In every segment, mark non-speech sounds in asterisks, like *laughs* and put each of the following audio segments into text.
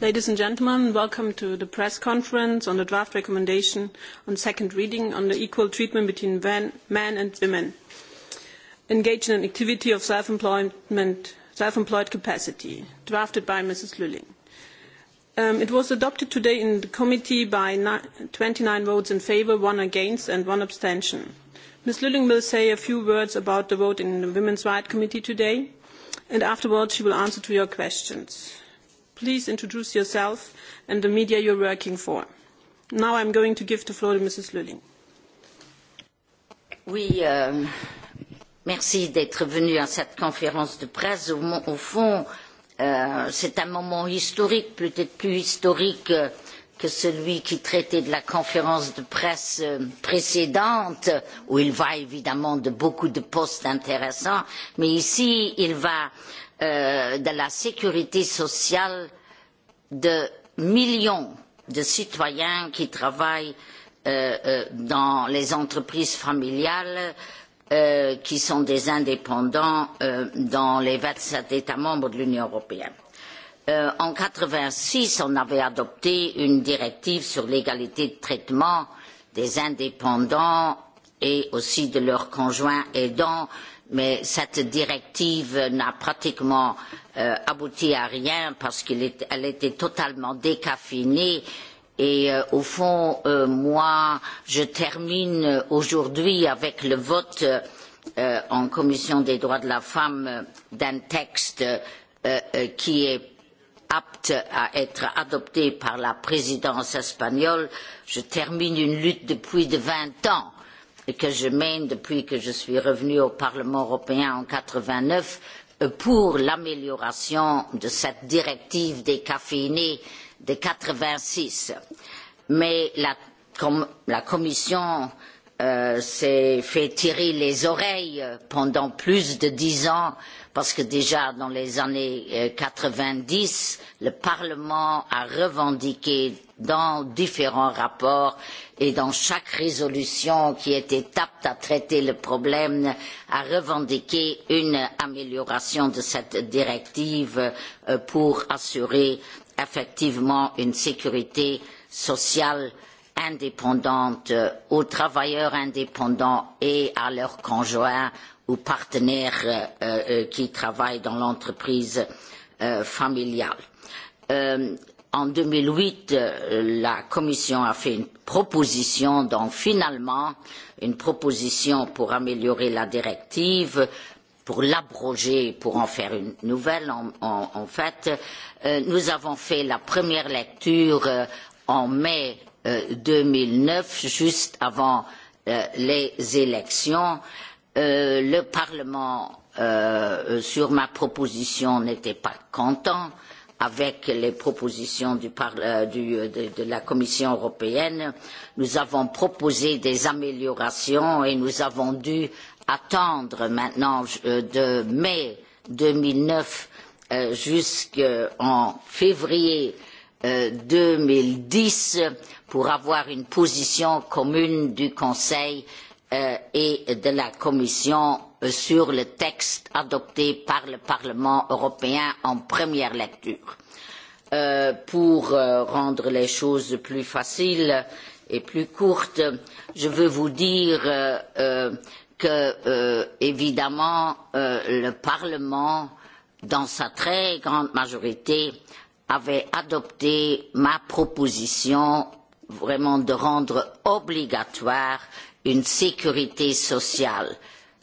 Ladies and gentlemen, welcome to the press conference on the draft recommendation on second reading on the equal treatment between men, and women engaged in an activity of self-employment, self-employed capacity, drafted by Mrs. Lulling. Um, it was adopted today in the committee by ni 29 votes in favour, one against and one abstention. Ms. Lulling will say a few words about the vote in the Women's Rights Committee today, and afterwards she will answer to your questions. Please introduce yourself and the media you're working for. Now I'm going to give the floor to Mrs. Lulling. Oui, euh, merci d'être venu à cette conférence de presse. Au, au fond, euh, c'est un moment historique, peut-être plus historique euh, que celui qui traitait de la conférence de presse euh, précédente, où il va évidemment de beaucoup de postes intéressants, mais ici, il va Euh, de la sécurité sociale de millions de citoyens qui travaillent euh, euh, dans les entreprises familiales qui sont des indépendants dans les vingt sept États membres de l'Union européenne. en quatre vingt six, on avait adopté une directive sur l'égalité de traitement des indépendants et aussi de leurs conjoints aidants, mais cette directive n'a pratiquement euh, abouti à rien parce qu'elle était totalement décaffinée. Et euh, au fond, euh, moi, je termine aujourd'hui avec le vote euh, en commission des droits de la femme d'un texte euh, euh, qui est apte à être adopté par la présidence espagnole. Je termine une lutte depuis de 20 ans et que je mène depuis que je suis revenue au Parlement européen en quatre vingt neuf euh, pour l'amélioration de cette directive des caféinés de quatre vingt six. Mais la, com la Commission s'est euh, fait tirer les oreilles pendant plus de dix ans parce que déjà dans les années euh, quatre-vingt-dix, le Parlement a revendiqué dans différents rapports et dans chaque résolution qui était apte à traiter le problème, a revendiqué une amélioration de cette directive euh, pour assurer effectivement une sécurité sociale indépendante euh, aux travailleurs indépendants et à leurs conjoints ou partenaires euh, euh qui travaillent dans l'entreprise euh, familiale. Euh, en 2008, euh, la Commission a fait une proposition, donc finalement, une proposition pour améliorer la directive, pour l'abroger, pour en faire une nouvelle, en, en, en fait. Euh, nous avons fait la première lecture euh, en mai Euh, deux mille neuf, juste avant euh, les élections, euh, le Parlement, sur ma proposition, n'était pas content avec les propositions du, du, de, de la Commission européenne. Nous avons proposé des améliorations et nous avons dû attendre maintenant de mai deux mille neuf jusqu'en février Euh, deux mille dix pour avoir une position commune du Conseil euh, et de la Commission euh, sur le texte adopté par le Parlement européen en première lecture. pour rendre les choses plus faciles et plus courtes, je veux vous dire que, évidemment, le Parlement, dans sa très grande majorité, avait adopté ma proposition vraiment de rendre obligatoire une sécurité sociale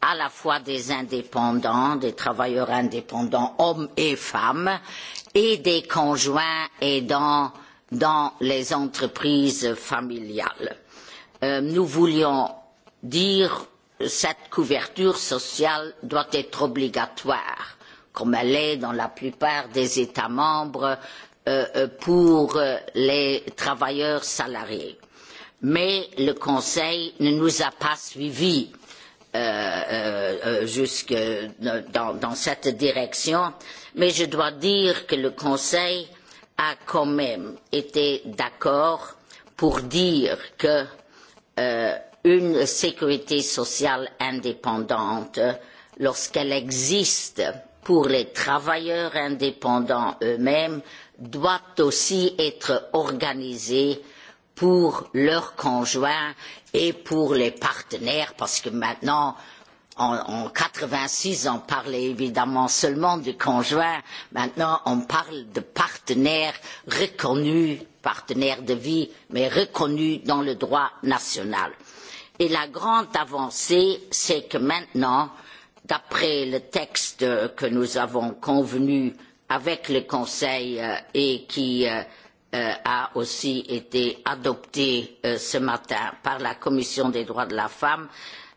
à la fois des indépendants, des travailleurs indépendants, hommes et femmes, et des conjoints aidants dans les entreprises familiales. Euh, nous voulions dire que cette couverture sociale doit être obligatoire comme elle est dans la plupart des États membres euh, euh pour euh, les travailleurs salariés. Mais le Conseil ne nous a pas suivis euh, euh, euh jusque dans, dans cette direction, mais je dois dire que le Conseil a quand même été d'accord pour dire que euh, une sécurité sociale indépendante, lorsqu'elle existe, pour les travailleurs indépendants eux-mêmes doit aussi être organisée pour leurs conjoints et pour les partenaires, parce que maintenant, en, en six on parlait évidemment seulement du conjoint. Maintenant, on parle de partenaires reconnus, partenaires de vie, mais reconnus dans le droit national. Et la grande avancée, c'est que maintenant, d'après le texte que nous avons convenu avec le Conseil euh, et qui euh, euh, a aussi été adopté ce matin par la Commission des droits de la femme,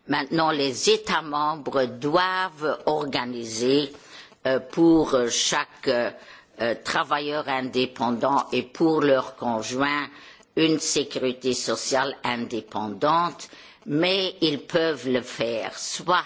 maintenant les États membres doivent organiser pour chaque travailleur indépendant et pour leur conjoint une sécurité sociale indépendante, mais ils peuvent le faire soit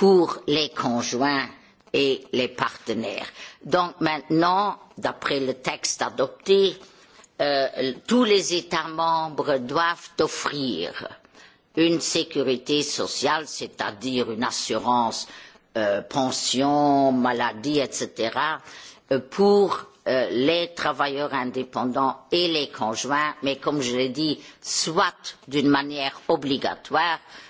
pour les conjoints et les partenaires. Donc maintenant, d'après le texte adopté, euh, tous les États membres doivent offrir une sécurité sociale, c'est-à-dire une assurance euh, pension, maladie, etc., euh, pour euh, les travailleurs indépendants et les conjoints, mais comme je l'ai dit, soit d'une manière obligatoire, euh,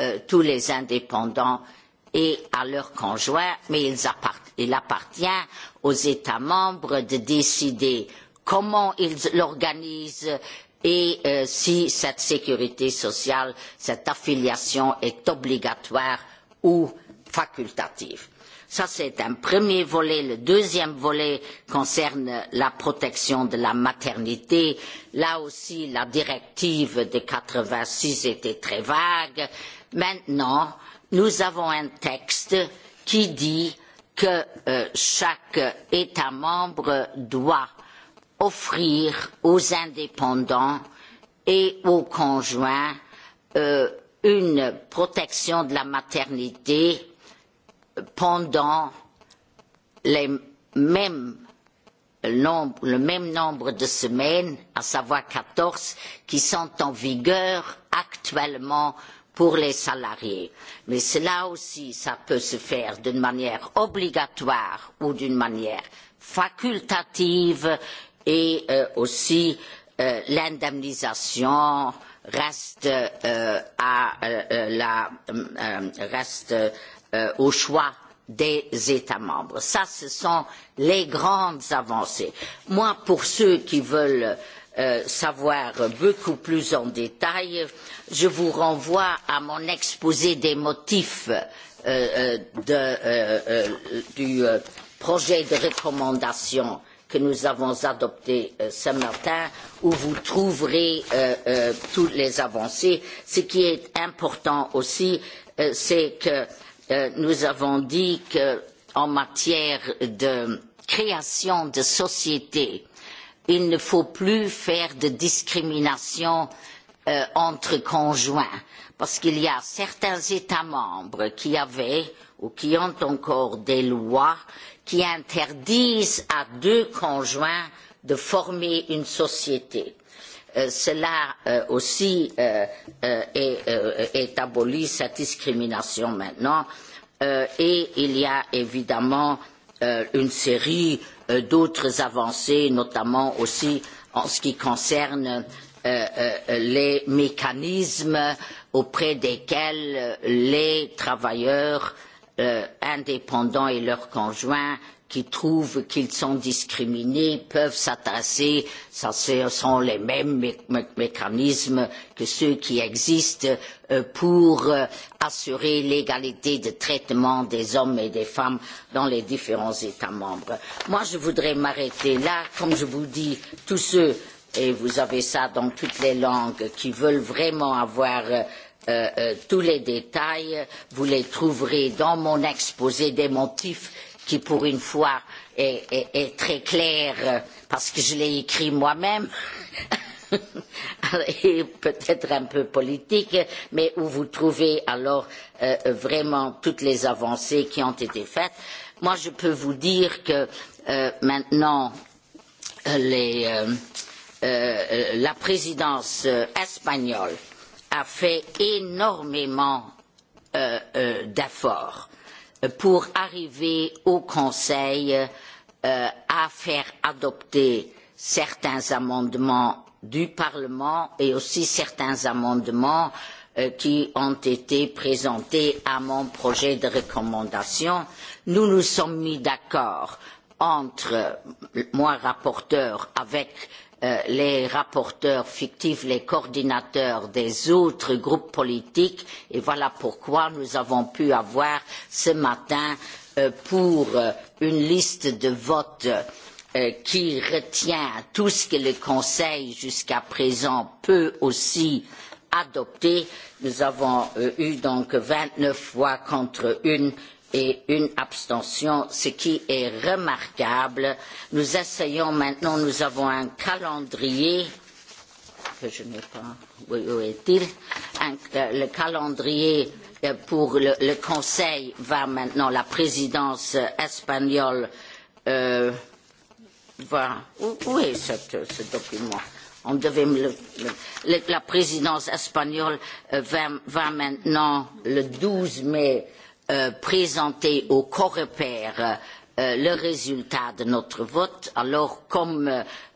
euh, tous les indépendants et à leurs conjoints, mais ils appart il appartient aux États membres de décider comment ils l'organisent et euh, si cette sécurité sociale, cette affiliation est obligatoire ou facultative. Ça, c'est un premier volet. Le deuxième volet concerne la protection de la maternité. Là aussi, la directive de quatre-vingt six était très vague. Maintenant, nous avons un texte qui dit que euh, chaque État membre doit offrir aux indépendants et aux conjoints euh, une protection de la maternité pendant les mêmes nombre, le même nombre de semaines, à savoir 14, qui sont en vigueur actuellement pour les salariés. Mais cela aussi, ça peut se faire d'une manière obligatoire ou d'une manière facultative et euh, aussi euh, l'indemnisation reste, euh, à, euh, euh la, euh, euh, reste euh, au choix des États membres. Ça, ce sont les grandes avancées. Moi, pour ceux qui veulent euh, Euh, savoir beaucoup plus en détail, je vous renvoie à mon exposé des motifs euh, euh de, euh, euh du projet de recommandation que nous avons adopté ce matin, où vous trouverez euh, toutes les avancées. Ce qui est important aussi, c'est que nous avons dit qu'en matière de création de sociétés, il ne faut plus faire de discrimination euh, entre conjoints, parce qu'il y a certains États membres qui avaient ou qui ont encore des lois qui interdisent à deux conjoints de former une société. Euh, cela euh, aussi euh, euh est, euh, est aboli, cette discrimination maintenant, euh, et il y a évidemment Euh, une série euh, d'autres avancées, notamment aussi en ce qui concerne euh, les mécanismes auprès desquels les travailleurs indépendants et leurs conjoints qui trouvent qu'ils sont discriminés peuvent s'attasser, ce sont les mêmes mé mé mécanismes que ceux qui existent euh, pour euh, assurer l'égalité de traitement des hommes et des femmes dans les différents États membres. Moi, je voudrais m'arrêter là. Comme je vous dis, tous ceux, et vous avez ça dans toutes les langues, qui veulent vraiment avoir euh, euh, euh tous les détails, vous les trouverez dans mon exposé des motifs qui pour une fois est, est, est très clair parce que je l'ai écrit moi-même *laughs* et peut-être un peu politique, mais où vous trouvez alors euh, vraiment toutes les avancées qui ont été faites. Moi, je peux vous dire que euh, maintenant, les, euh, euh, la présidence euh, espagnole a fait énormément euh, euh, d'efforts Euh, pour arriver au Conseil euh, à faire adopter certains amendements du Parlement et aussi certains amendements euh, qui ont été présentés à mon projet de recommandation. Nous nous sommes mis d'accord entre moi rapporteur avec Euh, les rapporteurs fictifs, les coordinateurs des autres groupes politiques et voilà pourquoi nous avons pu avoir ce matin euh, pour euh, une liste de votes qui retient tout ce que le Conseil jusqu'à présent peut aussi adopter. Nous avons eu donc vingt neuf voix contre une et une abstention, ce qui est remarquable. Nous essayons maintenant, nous avons un calendrier que je n'ai pas, où, est-il euh, Le calendrier euh, pour le, le Conseil va maintenant, la présidence espagnole euh, va. Où, où est cette, ce document On devait le, le, La présidence espagnole euh, va, va maintenant le 12 mai Euh, présenter au Corepère euh, le résultat de notre vote, alors comme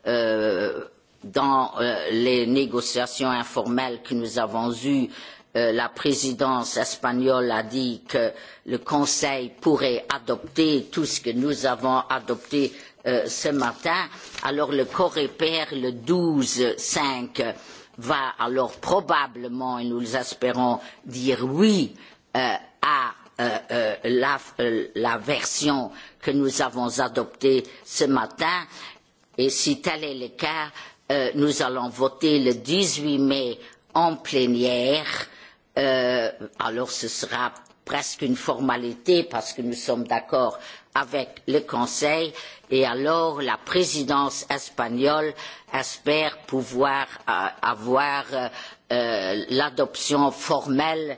euh, dans euh, les négociations informelles que nous avons eues, euh, la présidence espagnole a dit que le Conseil pourrait adopter tout ce que nous avons adopté euh, ce matin. Alors le Coreper, le douze cinq va alors probablement, et nous espérons, dire oui euh, à Euh, euh, la, euh, la version que nous avons adoptée ce matin. Et si tel est le cas, euh, nous allons voter le 18 mai en plénière. Euh, alors ce sera presque une formalité parce que nous sommes d'accord avec le Conseil et alors la présidence espagnole espère pouvoir euh, avoir euh, euh l'adoption formelle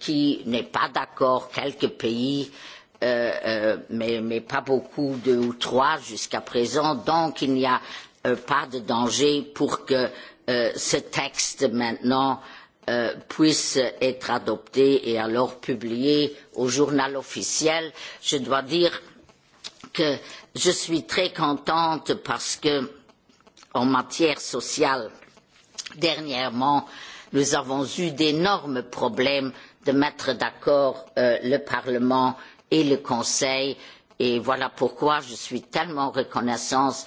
qui eh, n'est pas d'accord, quelques pays, euh, euh, mais, mais pas beaucoup, deux ou trois jusqu'à présent. Donc il n'y a euh, pas de danger pour que euh, ce texte maintenant euh, puisse être adopté et alors publié au journal officiel. Je dois dire que je suis très contente parce que en matière sociale, dernièrement, euh, nous avons eu d'énormes problèmes de mettre d'accord euh, le Parlement et le Conseil. Et voilà pourquoi je suis tellement reconnaissante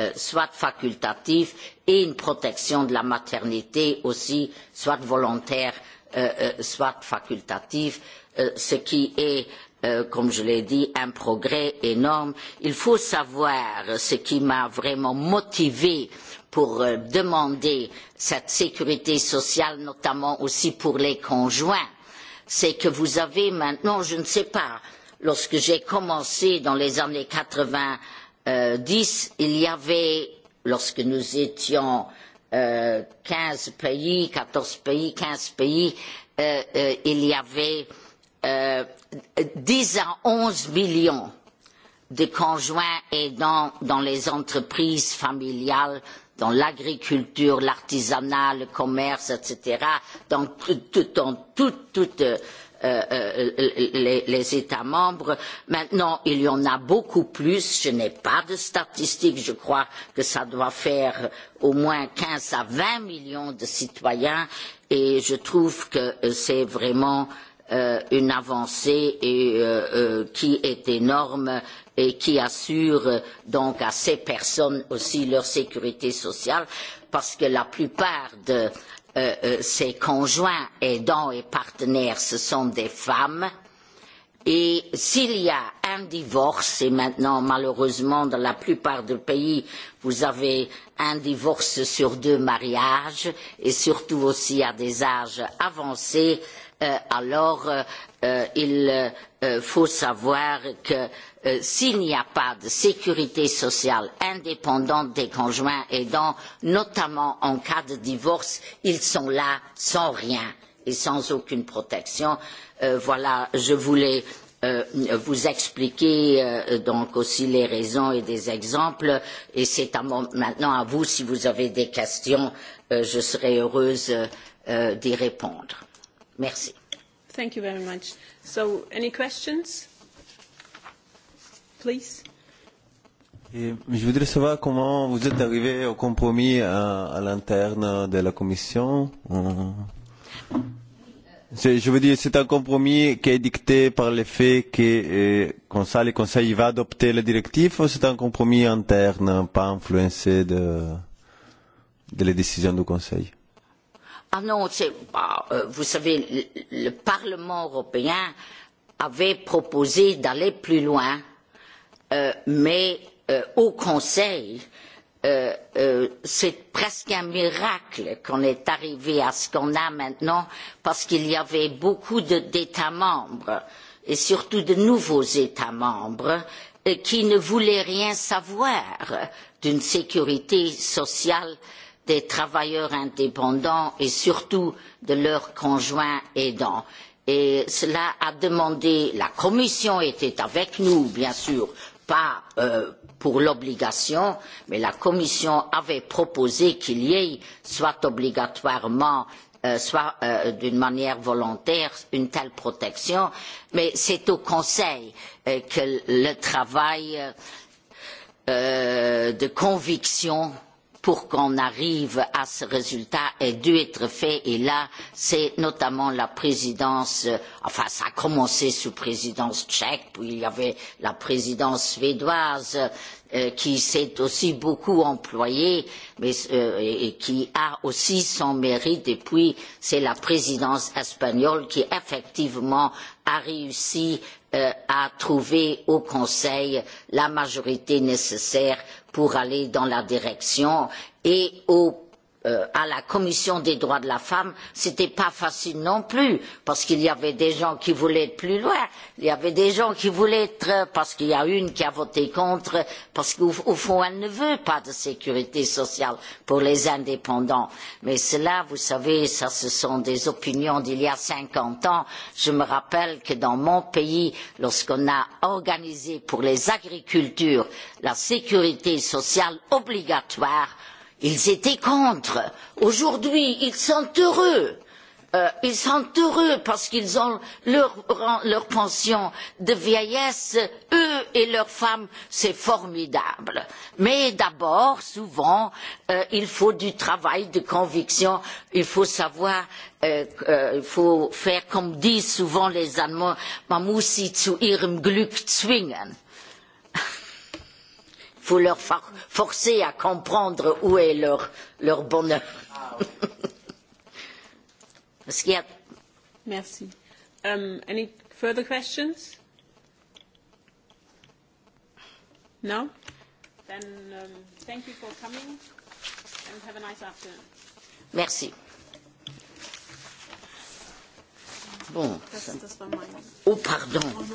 Euh, soit facultative et une protection de la maternité aussi, soit volontaire, euh, euh, soit facultative, ce qui est comme je l'ai dit, un progrès énorme. Il faut savoir ce qui m'a vraiment motivé pour demander cette sécurité sociale, notamment aussi pour les conjoints, c'est que vous avez maintenant, je ne sais pas, lorsque j'ai commencé dans les années 80, Euh, dix, il y avait, lorsque nous étions euh, quinze pays, quatorze pays, quinze pays, euh, il y avait dix à onze millions de conjoints aidants dans les entreprises familiales, dans l'agriculture, l'artisanat, le commerce, etc., dans, tout, dans tout, tout, euh, Euh, euh, euh, les, les États membres. Maintenant, il y en a beaucoup plus. Je n'ai pas de statistiques. Je crois que ça doit faire au moins 15 à 20 millions de citoyens et je trouve que c'est vraiment euh, une avancée et, euh, euh, qui est énorme et qui assure donc à ces personnes aussi leur sécurité sociale parce que la plupart de Euh, euh, ses conjoints, aidants et partenaires, ce sont des femmes. Et s'il y a un divorce, et maintenant malheureusement dans la plupart des pays, vous avez un divorce sur deux mariages, et surtout aussi à des âges avancés, Euh, alors euh, il euh, faut savoir que s'il n'y a pas de sécurité sociale indépendante des conjoints aidants, notamment en cas de divorce, ils sont là sans rien et sans aucune protection. Euh, voilà, je voulais euh, vous expliquer euh, donc aussi les raisons et des exemples et c'est maintenant à vous si vous avez des questions, je serai heureuse d'y répondre. Merci. Thank you very much. So, any questions? Please. Et je voudrais savoir comment vous êtes arrivé au compromis à, à l'interne de la Commission. Euh, je veux dire, c'est un compromis qui est dicté par le fait que euh, comme ça, le Conseil va adopter la directive ou c'est un compromis interne, pas influencé de, de les décisions du Conseil Ah non, bah, euh, vous savez, le, le Parlement européen avait proposé d'aller plus loin, euh, mais euh, au Conseil, euh, euh, c'est presque un miracle qu'on est arrivé à ce qu'on a maintenant, parce qu'il y avait beaucoup d'États membres, et surtout de nouveaux États membres, euh, qui ne voulaient rien savoir d'une sécurité sociale des travailleurs indépendants et surtout de leurs conjoints aidants. Et cela a demandé, la Commission était avec nous, bien sûr, pas euh, pour l'obligation, mais la Commission avait proposé qu'il y ait soit obligatoirement euh, soit euh, d'une manière volontaire une telle protection, mais c'est au Conseil euh, que le travail euh, de conviction pour qu'on arrive à ce résultat ait dû être fait. Et là, c'est notamment la présidence, euh, enfin, ça a commencé sous présidence tchèque, puis il y avait la présidence suédoise, euh, qui s'est aussi beaucoup employée mais, euh, et qui a aussi son mérite. Et puis, c'est la présidence espagnole qui, effectivement, a réussi euh, à trouver au Conseil la majorité nécessaire pour aller dans la direction et au Euh, à la commission des droits de la femme, ce n'était pas facile non plus, parce qu'il y avait des gens qui voulaient être plus loin, il y avait des gens qui voulaient être, parce qu'il y a une qui a voté contre, parce qu'au fond, elle ne veut pas de sécurité sociale pour les indépendants. Mais cela, vous savez, ça, ce sont des opinions d'il y a cinquante ans. Je me rappelle que dans mon pays, lorsqu'on a organisé pour les agricultures la sécurité sociale obligatoire, Ils étaient contre. Aujourd'hui, ils sont heureux. Euh, ils sont heureux parce qu'ils ont leur, leur pension de vieillesse, eux et leurs femmes, c'est formidable. Mais d'abord, souvent, euh, il faut du travail de conviction, il faut savoir, euh, euh, il faut faire comme disent souvent les Allemands, man muss sie zu ihrem Glück zwingen faut leur forcer à comprendre où est leur, leur bonheur. *laughs* Parce qu'il Merci. Um, any further questions? No? Then um, thank you for coming and have a nice afternoon. Merci. Bon. Das, Oh, pardon. Oh, no,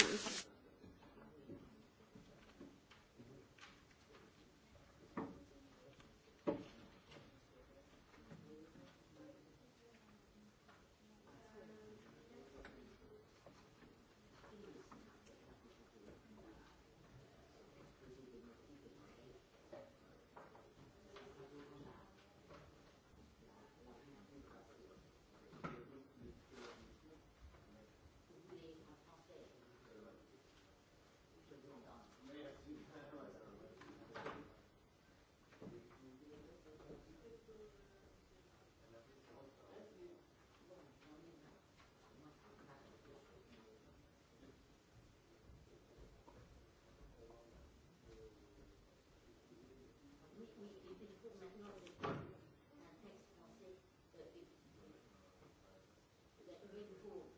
Thank you.